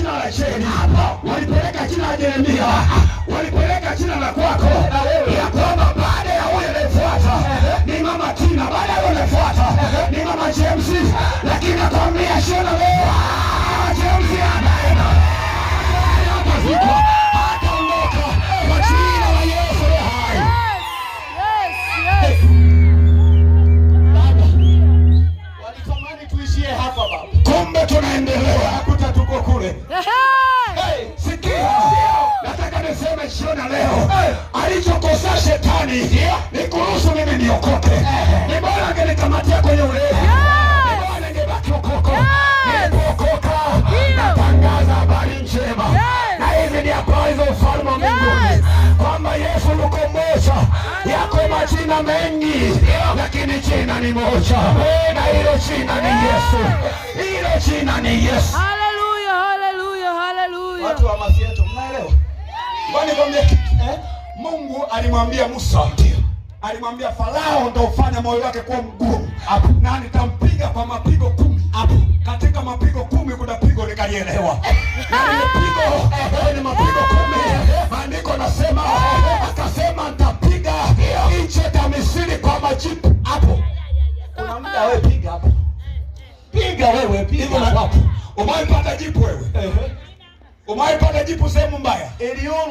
jina la Sheni, walipeleka jina la Jeremia, walipeleka jina la kwako, ya kwamba baada ya huyo anayefuata ni mama Tina, baada ya huyo anayefuata ni mama James, lakini nakwambia Sheni leo James anaenda hapa baba ndani nikuruhusu mimi niokoke. Ni bora angenikamatia kwenye ulevi, ni bora ningebaki ni habari za ufalme wa majina mengi, lakini jina ni moja, na hilo jina ni Yesu, hilo jina ni Yesu. Haleluya, haleluya, Watu wa Mafia, mnaelewa? Kwani kwambia kitu eh? Mungu alimwambia Musa, alimwambia Farao, nitaufanya moyo wake kuwa mgumu na nitampiga kwa mapigo kumi. Katika mapigo kumi kuna pigo nikalielewa, ni mapigo kumi. Maandiko nasema akasema, nitapiga ya kwa majipu. Hapo kuna muda wewe, piga hapo, piga wewe, piga hapo. jipu wewe? Umaipata jipu sehemu mbaya?